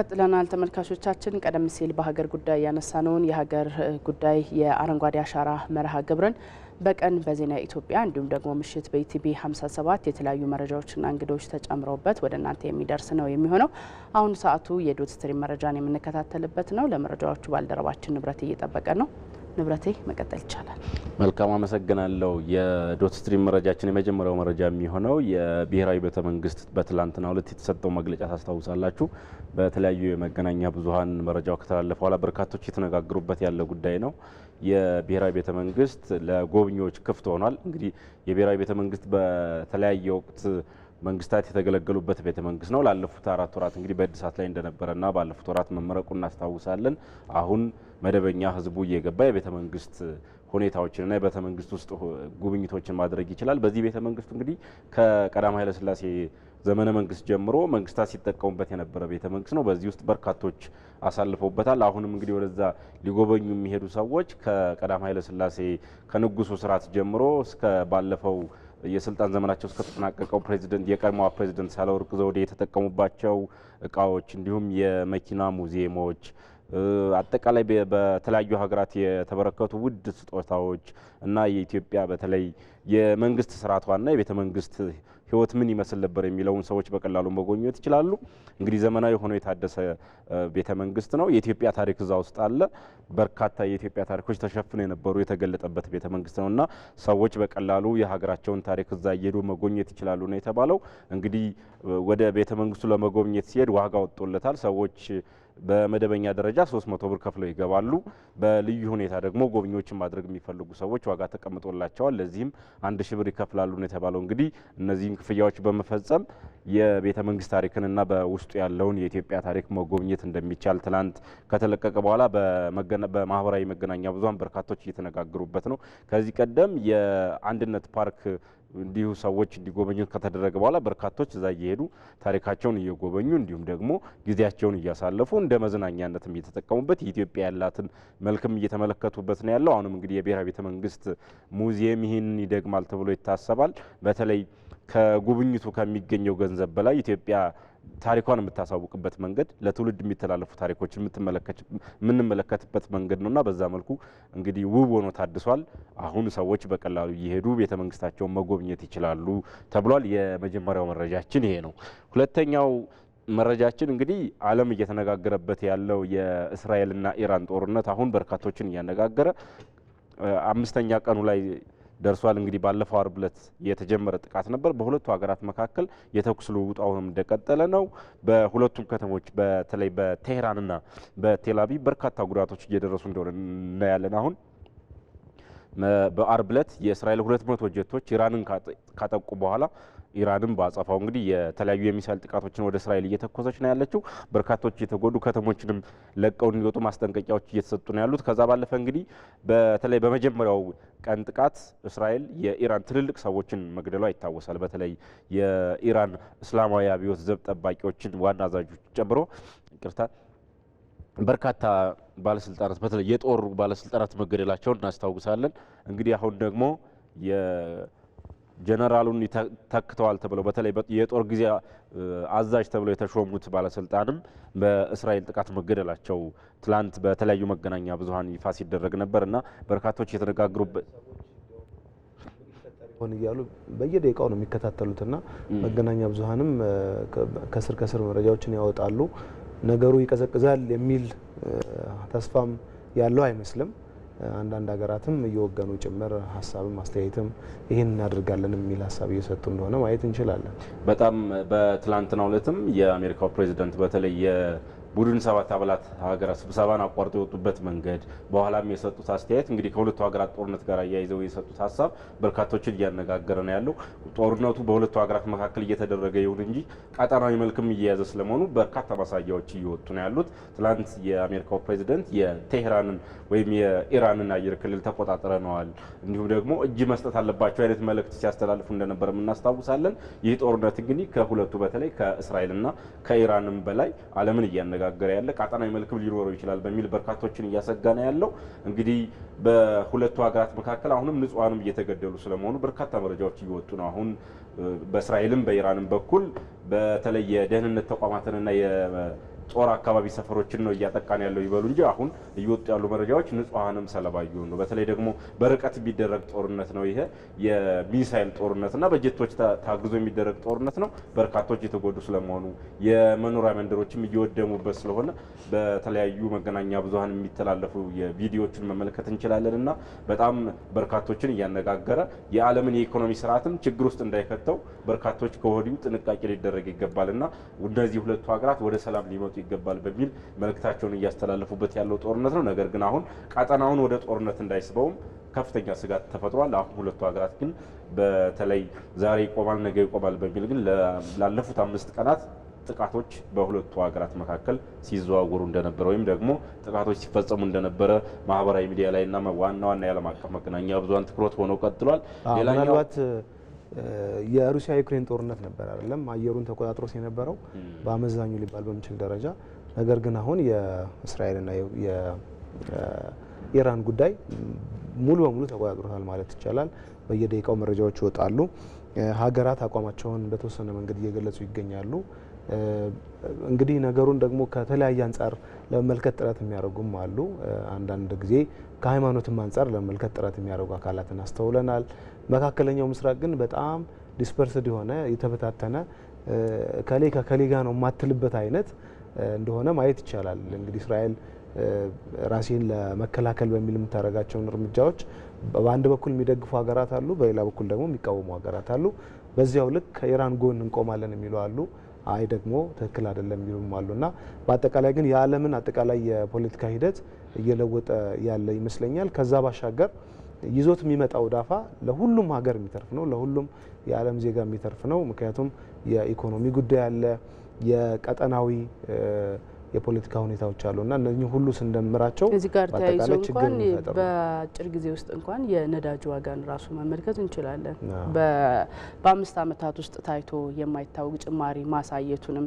ቀጥለናል ተመልካቾቻችን። ቀደም ሲል በሀገር ጉዳይ ያነሳነውን የሀገር ጉዳይ የአረንጓዴ አሻራ መርሃ ግብርን በቀን በዜና ኢትዮጵያ እንዲሁም ደግሞ ምሽት በኢቲቪ 57 የተለያዩ መረጃዎችና እንግዶች ተጨምረውበት ወደ እናንተ የሚደርስ ነው የሚሆነው። አሁን ሰዓቱ የዶት ስትሪም መረጃን የምንከታተልበት ነው። ለመረጃዎቹ ባልደረባችን ንብረት እየጠበቀ ነው። ንብረቴ መቀጠል ይቻላል። መልካም አመሰግናለሁ። የዶት ስትሪም መረጃችን የመጀመሪያው መረጃ የሚሆነው የብሔራዊ ቤተ መንግስት በትላንትናው ዕለት የተሰጠው መግለጫ ታስታውሳላችሁ። በተለያዩ የመገናኛ ብዙኃን መረጃው ከተላለፈ በኋላ በርካቶች የተነጋገሩበት ያለ ጉዳይ ነው። የብሔራዊ ቤተ መንግስት ለጎብኚዎች ክፍት ሆኗል። እንግዲህ የብሔራዊ ቤተ መንግስት በተለያየ ወቅት መንግስታት የተገለገሉበት ቤተ መንግስት ነው። ላለፉት አራት ወራት እንግዲህ በእድሳት ላይ እንደነበረና ባለፉት ወራት መመረቁ እናስታውሳለን። አሁን መደበኛ ህዝቡ እየገባ የቤተ መንግስት ሁኔታዎችንና የቤተ መንግስት ውስጥ ጉብኝቶችን ማድረግ ይችላል። በዚህ ቤተ መንግስት እንግዲህ ከቀዳማዊ ስላሴ ዘመነ መንግስት ጀምሮ መንግስታት ሲጠቀሙበት የነበረ ቤተ መንግስት ነው። በዚህ ውስጥ በርካቶች አሳልፈውበታል። አሁንም እንግዲህ ወደዛ ሊጎበኙ የሚሄዱ ሰዎች ከቀዳማዊ ኃይለስላሴ ከንጉሱ ስርዓት ጀምሮ እስከ ባለፈው የስልጣን ዘመናቸው እስከተጠናቀቀው ፕሬዚደንት የቀድሞዋ ፕሬዚደንት ሳህለወርቅ ዘውዴ የተጠቀሙባቸው እቃዎች እንዲሁም የመኪና ሙዚየሞች አጠቃላይ በተለያዩ ሀገራት የተበረከቱ ውድ ስጦታዎች እና የኢትዮጵያ በተለይ የመንግስት ስርዓቷና የቤተ መንግስት ህይወት ምን ይመስል ነበር የሚለውን ሰዎች በቀላሉ መጎብኘት ይችላሉ። እንግዲህ ዘመናዊ ሆኖ የታደሰ ቤተ መንግስት ነው። የኢትዮጵያ ታሪክ እዛ ውስጥ አለ። በርካታ የኢትዮጵያ ታሪኮች ተሸፍነው የነበሩ የተገለጠበት ቤተ መንግስት ነው እና ሰዎች በቀላሉ የሀገራቸውን ታሪክ እዛ እየሄዱ መጎብኘት ይችላሉ ነው የተባለው። እንግዲህ ወደ ቤተ መንግስቱ ለመጎብኘት ሲሄድ ዋጋ ወጥቶለታል ሰዎች በመደበኛ ደረጃ 300 ብር ከፍለው ይገባሉ። በልዩ ሁኔታ ደግሞ ጎብኚዎችን ማድረግ የሚፈልጉ ሰዎች ዋጋ ተቀምጦላቸዋል። ለዚህም አንድ ሺ ብር ይከፍላሉ ነው የተባለው። እንግዲህ እነዚህን ክፍያዎች በመፈጸም የቤተ መንግስት ታሪክንና በውስጡ ያለውን የኢትዮጵያ ታሪክ መጎብኘት እንደሚቻል ትናንት ከተለቀቀ በኋላ በማህበራዊ መገናኛ ብዙኃን በርካቶች እየተነጋገሩበት ነው። ከዚህ ቀደም የአንድነት ፓርክ እንዲሁ ሰዎች እንዲጎበኙት ከተደረገ በኋላ በርካቶች እዛ እየሄዱ ታሪካቸውን እየጎበኙ እንዲሁም ደግሞ ጊዜያቸውን እያሳለፉ እንደ መዝናኛነትም እየተጠቀሙበት የኢትዮጵያ ያላትን መልክም እየተመለከቱበት ነው ያለው። አሁንም እንግዲህ የብሔራዊ ቤተ መንግስት ሙዚየም ይህንን ይደግማል ተብሎ ይታሰባል። በተለይ ከጉብኝቱ ከሚገኘው ገንዘብ በላይ ኢትዮጵያ ታሪኳን የምታሳውቅበት መንገድ ለትውልድ የሚተላለፉ ታሪኮችን የምንመለከትበት መንገድ ነውና በዛ መልኩ እንግዲህ ውብ ሆኖ ታድሷል። አሁን ሰዎች በቀላሉ እየሄዱ ቤተ መንግስታቸውን መጎብኘት ይችላሉ ተብሏል። የመጀመሪያው መረጃችን ይሄ ነው። ሁለተኛው መረጃችን እንግዲህ ዓለም እየተነጋገረበት ያለው የእስራኤልና ኢራን ጦርነት አሁን በርካቶችን እያነጋገረ አምስተኛ ቀኑ ላይ ደርሷል። እንግዲህ ባለፈው አርብ ዕለት የተጀመረ ጥቃት ነበር። በሁለቱ ሀገራት መካከል የተኩስ ልውውጡ አሁንም እንደቀጠለ ነው። በሁለቱም ከተሞች በተለይ በቴሄራንና በቴል በርካታ ጉዳቶች እየደረሱ እንደሆነ እናያለን አሁን በአርብ ዕለት የእስራኤል ሁለት መቶ ጀቶች ኢራንን ካጠቁ በኋላ ኢራንም በአጸፋው እንግዲህ የተለያዩ የሚሳይል ጥቃቶችን ወደ እስራኤል እየተኮሰች ነው ያለችው። በርካቶች የተጎዱ ከተሞችንም ለቀው እንዲወጡ ማስጠንቀቂያዎች እየተሰጡ ነው ያሉት። ከዛ ባለፈ እንግዲህ በተለይ በመጀመሪያው ቀን ጥቃት እስራኤል የኢራን ትልልቅ ሰዎችን መግደሏ ይታወሳል። በተለይ የኢራን እስላማዊ አብዮት ዘብ ጠባቂዎችን ዋና አዛዦች ጨምሮ ቅርታ በርካታ ባለስልጣናት በተለይ የጦር ባለስልጣናት መገደላቸውን እናስታውሳለን። እንግዲህ አሁን ደግሞ የጀነራሉን ተክተዋል ተብለው በተለይ የጦር ጊዜ አዛዥ ተብለው የተሾሙት ባለስልጣንም በእስራኤል ጥቃት መገደላቸው ትላንት በተለያዩ መገናኛ ብዙኃን ይፋ ሲደረግ ነበር እና በርካቶች የተነጋግሩበት ሆን እያሉ በየደቂቃው ነው የሚከታተሉትና መገናኛ ብዙኃንም ከስር ከስር መረጃዎችን ያወጣሉ። ነገሩ ይቀዘቅዛል የሚል ተስፋም ያለው አይመስልም። አንዳንድ ሀገራትም እየወገኑ ጭምር ሀሳብም አስተያየትም ይህን እናደርጋለን የሚል ሀሳብ እየሰጡ እንደሆነ ማየት እንችላለን። በጣም በትላንትናው ዕለትም የአሜሪካው ፕሬዚደንት በተለይ ቡድን ሰባት አባላት ሀገራት ስብሰባን አቋርጦ የወጡበት መንገድ በኋላም የሰጡት አስተያየት እንግዲህ ከሁለቱ ሀገራት ጦርነት ጋር አያይዘው የሰጡት ሀሳብ በርካቶችን እያነጋገረ ነው ያለው። ጦርነቱ በሁለቱ ሀገራት መካከል እየተደረገ ይሁን እንጂ ቀጠናዊ መልክም እየያዘ ስለመሆኑ በርካታ ማሳያዎች እየወጡ ነው ያሉት። ትላንት የአሜሪካው ፕሬዚደንት የቴህራንን ወይም የኢራንን አየር ክልል ተቆጣጥረነዋል፣ እንዲሁም ደግሞ እጅ መስጠት አለባቸው አይነት መልእክት ሲያስተላልፉ እንደነበረም እናስታውሳለን። ይህ ጦርነት እንግዲህ ከሁለቱ በተለይ ከእስራኤልና ከኢራንም በላይ ዓለምን እያነጋ እየተነጋገረ ያለ ቀጠናዊ መልክም ሊኖረው ይችላል በሚል በርካቶችን እያሰጋ ነው ያለው። እንግዲህ በሁለቱ ሀገራት መካከል አሁንም ንጹሐንም እየተገደሉ ስለመሆኑ በርካታ መረጃዎች እየወጡ ነው። አሁን በእስራኤልም በኢራንም በኩል በተለይ የደህንነት ተቋማትንና ጦር አካባቢ ሰፈሮችን ነው እያጠቃን ያለው ይበሉ እንጂ አሁን እየወጡ ያሉ መረጃዎች ንጹሐንም ሰለባ እየሆኑ ነው። በተለይ ደግሞ በርቀት የሚደረግ ጦርነት ነው ይሄ የሚሳይል ጦርነት እና በጀቶች ታግዞ የሚደረግ ጦርነት ነው። በርካቶች የተጎዱ ስለመሆኑ የመኖሪያ መንደሮችም እየወደሙበት ስለሆነ በተለያዩ መገናኛ ብዙሀን የሚተላለፉ የቪዲዮዎችን መመልከት እንችላለን እና በጣም በርካቶችን እያነጋገረ የዓለምን የኢኮኖሚ ስርዓትም ችግር ውስጥ እንዳይከተው በርካቶች ከወዲሁ ጥንቃቄ ሊደረግ ይገባል እና እነዚህ ሁለቱ ሀገራት ወደ ሰላም ሊመጡ ይገባል በሚል መልእክታቸውን እያስተላለፉበት ያለው ጦርነት ነው። ነገር ግን አሁን ቀጠናውን ወደ ጦርነት እንዳይስበውም ከፍተኛ ስጋት ተፈጥሯል። አሁን ሁለቱ ሀገራት ግን በተለይ ዛሬ ይቆማል ነገ ይቆማል በሚል ግን ላለፉት አምስት ቀናት ጥቃቶች በሁለቱ ሀገራት መካከል ሲዘዋወሩ እንደነበረ ወይም ደግሞ ጥቃቶች ሲፈጸሙ እንደነበረ ማህበራዊ ሚዲያ ላይ እና ዋና ዋና የዓለም አቀፍ መገናኛ ብዙን ትኩረት ሆነው ቀጥሏል። ሌላኛው የሩሲያ ዩክሬን ጦርነት ነበር አይደለም፣ አየሩን ተቆጣጥሮት የነበረው በአመዛኙ ሊባል በሚችል ደረጃ። ነገር ግን አሁን የእስራኤልና የኢራን ጉዳይ ሙሉ በሙሉ ተቆጣጥሮታል ማለት ይቻላል። በየደቂቃው መረጃዎች ይወጣሉ። ሀገራት አቋማቸውን በተወሰነ መንገድ እየገለጹ ይገኛሉ። እንግዲህ ነገሩን ደግሞ ከተለያየ አንጻር ለመመልከት ጥረት የሚያደርጉም አሉ። አንዳንድ ጊዜ ከሃይማኖትም አንጻር ለመመልከት ጥረት የሚያደርጉ አካላትን አስተውለናል። መካከለኛው ምስራቅ ግን በጣም ዲስፐርስድ የሆነ የተበታተነ ከሌ ከከሌ ጋር ነው የማትልበት አይነት እንደሆነ ማየት ይቻላል። እንግዲህ እስራኤል ራሴን ለመከላከል በሚል የምታደርጋቸውን እርምጃዎች በአንድ በኩል የሚደግፉ ሀገራት አሉ፣ በሌላ በኩል ደግሞ የሚቃወሙ ሀገራት አሉ። በዚያው ልክ ከኢራን ጎን እንቆማለን የሚሉ አሉ። አይ ደግሞ ትክክል አይደለም የሚሉም አሉ እና በአጠቃላይ ግን የዓለምን አጠቃላይ የፖለቲካ ሂደት እየለወጠ ያለ ይመስለኛል። ከዛ ባሻገር ይዞት የሚመጣው ዳፋ ለሁሉም ሀገር የሚተርፍ ነው፣ ለሁሉም የዓለም ዜጋ የሚተርፍ ነው። ምክንያቱም የኢኮኖሚ ጉዳይ አለ፣ የቀጠናዊ የፖለቲካ ሁኔታዎች አሉ እና እነዚህ ሁሉ ስንደምራቸው እዚህ ጋር ተያይዞ እንኳን በአጭር ጊዜ ውስጥ እንኳን የነዳጅ ዋጋን ራሱ መመልከት እንችላለን። በአምስት ዓመታት ውስጥ ታይቶ የማይታወቅ ጭማሪ ማሳየቱንም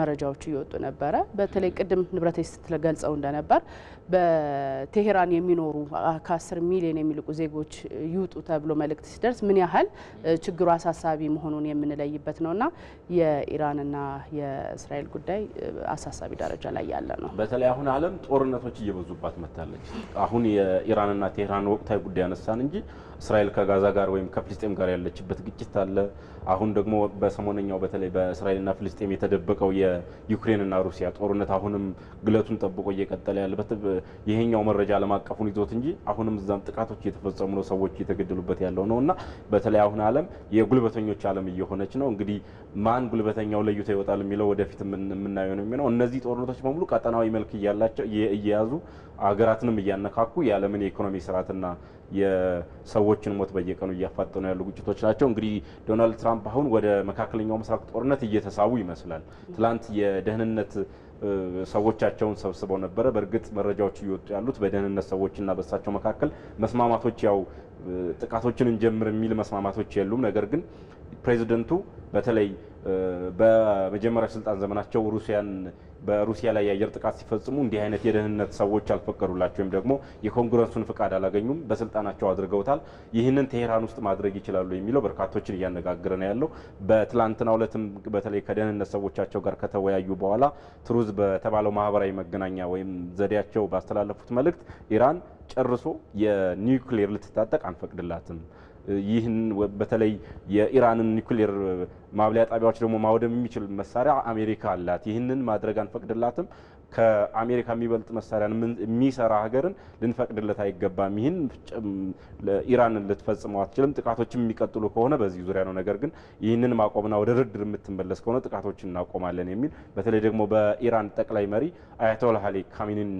መረጃዎች እየወጡ ነበረ። በተለይ ቅድም ንብረት ስትገልጸው እንደነበር በቴሄራን የሚኖሩ ከአስር ሚሊዮን የሚልቁ ዜጎች ይውጡ ተብሎ መልእክት ሲደርስ ምን ያህል ችግሩ አሳሳቢ መሆኑን የምንለይበት ነውና የኢራንና የእስራኤል ጉዳይ አሳሳቢ ደረጃ ደረጃ ላይ ያለ ነው። በተለይ አሁን ዓለም ጦርነቶች እየበዙባት መታለች። አሁን የኢራንና ቴህራን ወቅታዊ ጉዳይ ያነሳን እንጂ እስራኤል ከጋዛ ጋር ወይም ከፍልስጤም ጋር ያለችበት ግጭት አለ። አሁን ደግሞ በሰሞነኛው በተለይ በእስራኤልና ፍልስጤም የተደበቀው የዩክሬንና ሩሲያ ጦርነት አሁንም ግለቱን ጠብቆ እየቀጠለ ያለበት ይሄኛው መረጃ ዓለም አቀፉን ይዞት እንጂ አሁንም እዛም ጥቃቶች እየተፈጸሙ ነው፣ ሰዎች እየተገደሉበት ያለው ነው እና በተለይ አሁን ዓለም የጉልበተኞች ዓለም እየሆነች ነው። እንግዲህ ማን ጉልበተኛው ለይቶ ይወጣል የሚለው ወደፊት የምናየው ነው የሚሆነው። እነዚህ ጦርነቶች በሙሉ ቀጠናዊ መልክ እያላቸው እየያዙ አገራትንም እያነካኩ የዓለምን የኢኮኖሚ ስርዓትና የሰዎችን ሞት በየቀኑ እያፋጠኑ ያሉ ግጭቶች ናቸው። እንግዲህ ዶናልድ ትራምፕ አሁን ወደ መካከለኛው ምስራቅ ጦርነት እየተሳቡ ይመስላል። ትላንት የደህንነት ሰዎቻቸውን ሰብስበው ነበረ። በእርግጥ መረጃዎች እየወጡ ያሉት በደህንነት ሰዎችና በእሳቸው መካከል መስማማቶች ያው ጥቃቶችን እንጀምር የሚል መስማማቶች የሉም። ነገር ግን ፕሬዚደንቱ በተለይ በመጀመሪያ ስልጣን ዘመናቸው ሩሲያን በሩሲያ ላይ የአየር ጥቃት ሲፈጽሙ እንዲህ አይነት የደህንነት ሰዎች አልፈቀዱላቸው ወይም ደግሞ የኮንግረሱን ፍቃድ አላገኙም። በስልጣናቸው አድርገውታል። ይህንን ቴሄራን ውስጥ ማድረግ ይችላሉ የሚለው በርካቶችን እያነጋገረ ነው ያለው። በትላንትናው ዕለትም በተለይ ከደህንነት ሰዎቻቸው ጋር ከተወያዩ በኋላ ትሩዝ በተባለው ማህበራዊ መገናኛ ወይም ዘዴያቸው ባስተላለፉት መልእክት ኢራን ጨርሶ የኒውክሌር ልትታጠቅ አንፈቅድላትም ይህን በተለይ የኢራንን ኒውክሌር ማብለያ ጣቢያዎች ደግሞ ማውደም የሚችል መሳሪያ አሜሪካ አላት። ይህንን ማድረግ አንፈቅድላትም። ከአሜሪካ የሚበልጥ መሳሪያን የሚሰራ ሀገርን ልንፈቅድለት አይገባም። ይህን ኢራን ልትፈጽመው አትችልም። ጥቃቶችን የሚቀጥሉ ከሆነ በዚህ ዙሪያ ነው። ነገር ግን ይህንን ማቆምና ወደ ድርድር የምትመለስ ከሆነ ጥቃቶችን እናቆማለን የሚል በተለይ ደግሞ በኢራን ጠቅላይ መሪ አያቶላ ሀሊ ካሚኒን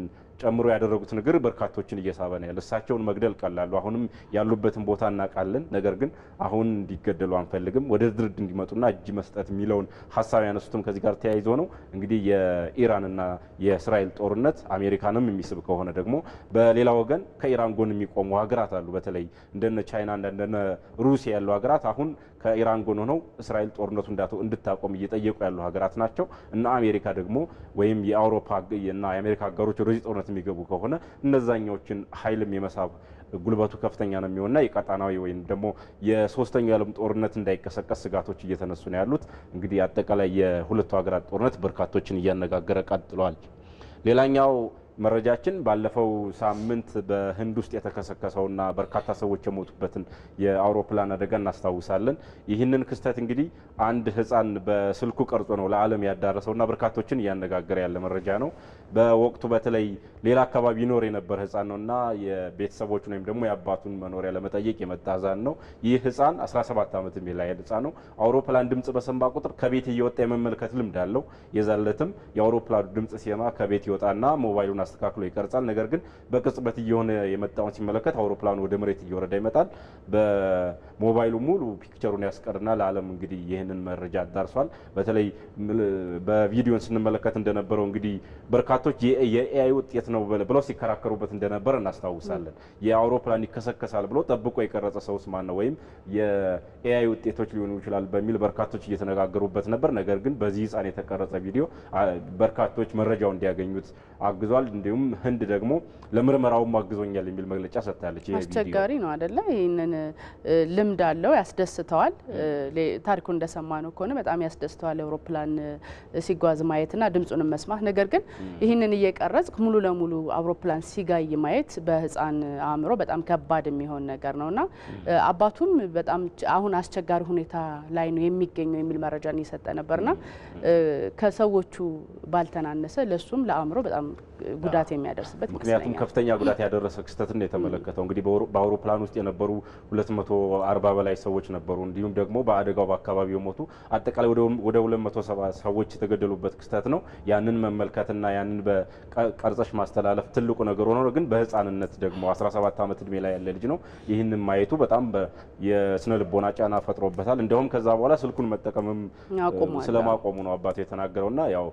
ጨምሮ ያደረጉት ንግግር በርካቶችን እየሳበ ነው ያለ። እሳቸውን መግደል ቀላሉ፣ አሁንም ያሉበትን ቦታ እናውቃለን። ነገር ግን አሁን እንዲገደሉ አንፈልግም፣ ወደ ድርድር እንዲመጡና እጅ መስጠት የሚለውን ሀሳብ ያነሱትም ከዚህ ጋር ተያይዞ ነው። እንግዲህ የኢራንና የእስራኤል ጦርነት አሜሪካንም የሚስብ ከሆነ ደግሞ በሌላ ወገን ከኢራን ጎን የሚቆሙ ሀገራት አሉ። በተለይ እንደነ ቻይና እንደነ ሩሲያ ያሉ ሀገራት አሁን ከኢራን ጎን ሆነው እስራኤል ጦርነቱ እንድታቆም እየጠየቁ ያሉ ሀገራት ናቸው እና አሜሪካ ደግሞ ወይም የአውሮፓ እና የአሜሪካ ሀገሮች ወደዚህ ጦርነት ጦርነት የሚገቡ ከሆነ እነዛኛዎችን ኃይልም የመሳብ ጉልበቱ ከፍተኛ ነው የሚሆንና የቀጣናዊ ወይም ደግሞ የሶስተኛው የዓለም ጦርነት እንዳይቀሰቀስ ስጋቶች እየተነሱ ነው ያሉት። እንግዲህ አጠቃላይ የሁለቱ ሀገራት ጦርነት በርካቶችን እያነጋገረ ቀጥሏል። ሌላኛው መረጃችን ባለፈው ሳምንት በህንድ ውስጥ የተከሰከሰውና በርካታ ሰዎች የሞቱበትን የአውሮፕላን አደጋ እናስታውሳለን። ይህንን ክስተት እንግዲህ አንድ ህፃን በስልኩ ቀርጾ ነው ለዓለም ያዳረሰውና በርካቶችን እያነጋገረ ያለ መረጃ ነው። በወቅቱ በተለይ ሌላ አካባቢ ይኖር የነበረ ነው ነውና የቤተሰቦቹን ወይም ደግሞ የአባቱን መኖሪያ ለመጠየቅ የመጣ ህፃን ነው። ይህ ህፃን 17 ዓመት የሚል ህፃን ነው። አውሮፕላን ድምጽ በሰማ ቁጥር ከቤት እየወጣ የመመልከት ልምድ አለው። የዛለትም የአውሮፕላኑ ድምጽ ሲሰማ ከቤት ይወጣና ሞባይሉን አስተካክሎ ይቀርጻል። ነገር ግን በቅጽበት እየሆነ የመጣውን ሲመለከት አውሮፕላኑ ወደ መሬት እየወረደ ይመጣል። በሞባይሉ ሙሉ ፒክቸሩን ያስቀርና ለዓለም እንግዲህ ይህንን መረጃ አዳርሷል። በተለይ በቪዲዮን ስንመለከት እንደነበረው እንግዲህ በርካቶች የኤአይ ውጤት ነው ብለው ሲከራከሩበት እንደነበር እናስታውሳለን። የአውሮፕላን ይከሰከሳል ብሎ ጠብቆ የቀረጸ ሰውስ ማን ነው? ወይም የኤአይ ውጤቶች ሊሆኑ ይችላል በሚል በርካቶች እየተነጋገሩበት ነበር። ነገር ግን በዚህ ህፃን የተቀረጸ ቪዲዮ በርካቶች መረጃው እንዲያገኙት አግዟል። እንዲሁም ህንድ ደግሞ ለምርመራውም አግዞኛል የሚል መግለጫ ሰጥታለች። አስቸጋሪ ነው አደለ? ይህንን ልምድ አለው ያስደስተዋል። ታሪኩ እንደሰማ ነው ከሆነ በጣም ያስደስተዋል አውሮፕላን ሲጓዝ ማየትና ድምፁንም መስማት። ነገር ግን ይህንን እየቀረጽ ሙሉ ለሙሉ አውሮፕላን ሲጋይ ማየት በህፃን አእምሮ በጣም ከባድ የሚሆን ነገር ነውና አባቱም በጣም አሁን አስቸጋሪ ሁኔታ ላይ ነው የሚገኘው የሚል መረጃን እየሰጠ ነበርና ከሰዎቹ ባልተናነሰ ለሱም ለአእምሮ በጣም ጉዳት የሚያደርስበት ምክንያቱም ከፍተኛ ጉዳት ያደረሰ ክስተት የተመለከተው። እንግዲህ በአውሮፕላን ውስጥ የነበሩ 240 በላይ ሰዎች ነበሩ። እንዲሁም ደግሞ በአደጋው በአካባቢ የሞቱ አጠቃላይ ወደ 270 ሰዎች የተገደሉበት ክስተት ነው። ያንን መመልከትና ያንን በቀርጸሽ ማስተላለፍ ትልቁ ነገር ሆኖ ግን በህፃንነት ደግሞ 17 ዓመት እድሜ ላይ ያለ ልጅ ነው ይህንን ማየቱ በጣም የስነ ልቦና ጫና ፈጥሮበታል። እንዲሁም ከዛ በኋላ ስልኩን መጠቀምም ስለማቆሙ ነው አባቱ የተናገረውና ያው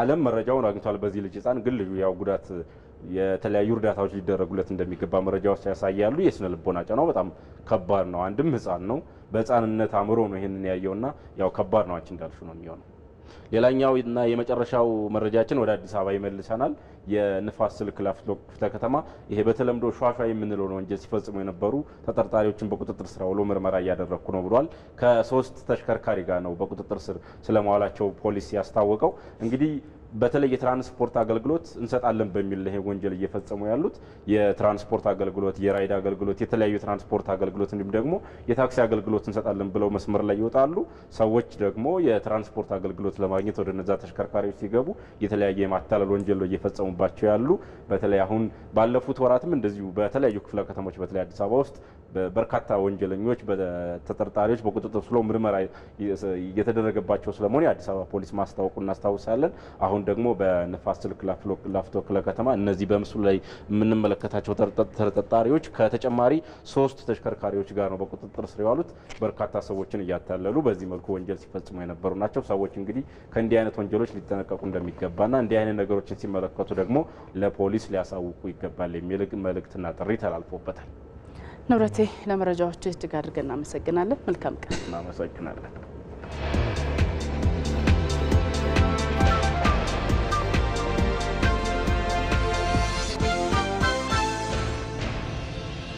አለም መረጃውን አግኝቷል። በዚህ ልጅ ህጻን ግን ልጁ ያው ጉዳት የተለያዩ እርዳታዎች ሊደረጉለት እንደሚገባ መረጃዎች ያሳያሉ። የስነ ልቦና ጫናው በጣም ከባድ ነው። አንድም ህጻን ነው። በህጻንነት አእምሮ ነው ይህንን ያየውና ያው ከባድ ነው። አንቺ እንዳልሹ ነው የሚሆነው ሌላኛው እና የመጨረሻው መረጃችን ወደ አዲስ አበባ ይመልሰናል። የንፋስ ስልክ ላፍቶ ክፍለ ከተማ ይሄ በተለምዶ ሿሿ የምንለው ነው ወንጀል ሲፈጽሙ የነበሩ ተጠርጣሪዎችን በቁጥጥር ስር ውሎ ምርመራ እያደረግኩ ነው ብሏል። ከሶስት ተሽከርካሪ ጋር ነው በቁጥጥር ስር ስለመዋላቸው ፖሊስ ያስታወቀው። እንግዲህ በተለይ የትራንስፖርት አገልግሎት እንሰጣለን በሚል ይሄ ወንጀል እየፈጸሙ ያሉት የትራንስፖርት አገልግሎት፣ የራይድ አገልግሎት፣ የተለያዩ የትራንስፖርት አገልግሎት እንዲሁም ደግሞ የታክሲ አገልግሎት እንሰጣለን ብለው መስመር ላይ ይወጣሉ። ሰዎች ደግሞ የትራንስፖርት አገልግሎት ለማግኘት ወደ እነዛ ተሽከርካሪዎች ሲገቡ የተለያየ የማታለል ወንጀል እየፈጸሙባቸው ያሉ በተለይ አሁን ባለፉት ወራትም እንደዚሁ በተለያዩ ክፍለ ከተሞች በተለይ አዲስ አበባ ውስጥ በርካታ ወንጀለኞች ተጠርጣሪዎች በቁጥጥር ስሎ ምርመራ እየተደረገባቸው ስለመሆኑ የአዲስ አበባ ፖሊስ ማስታወቁ እናስታውሳለን። አሁን ደግሞ በንፋስ ስልክ ላፍቶ ክፍለ ከተማ እነዚህ በምስሉ ላይ የምንመለከታቸው ተጠርጣሪዎች ከተጨማሪ ሶስት ተሽከርካሪዎች ጋር ነው በቁጥጥር ስር የዋሉት። በርካታ ሰዎችን እያታለሉ በዚህ መልኩ ወንጀል ሲፈጽሙ የነበሩ ናቸው። ሰዎች እንግዲህ ከእንዲህ አይነት ወንጀሎች ሊጠነቀቁ እንደሚገባና እንዲህ አይነት ነገሮችን ሲመለከቱ ደግሞ ለፖሊስ ሊያሳውቁ ይገባል የሚል መልእክትና ጥሪ ተላልፎበታል። ንብረቴ፣ ለመረጃዎች እጅግ አድርገን እናመሰግናለን። መልካም ቀን። እናመሰግናለን።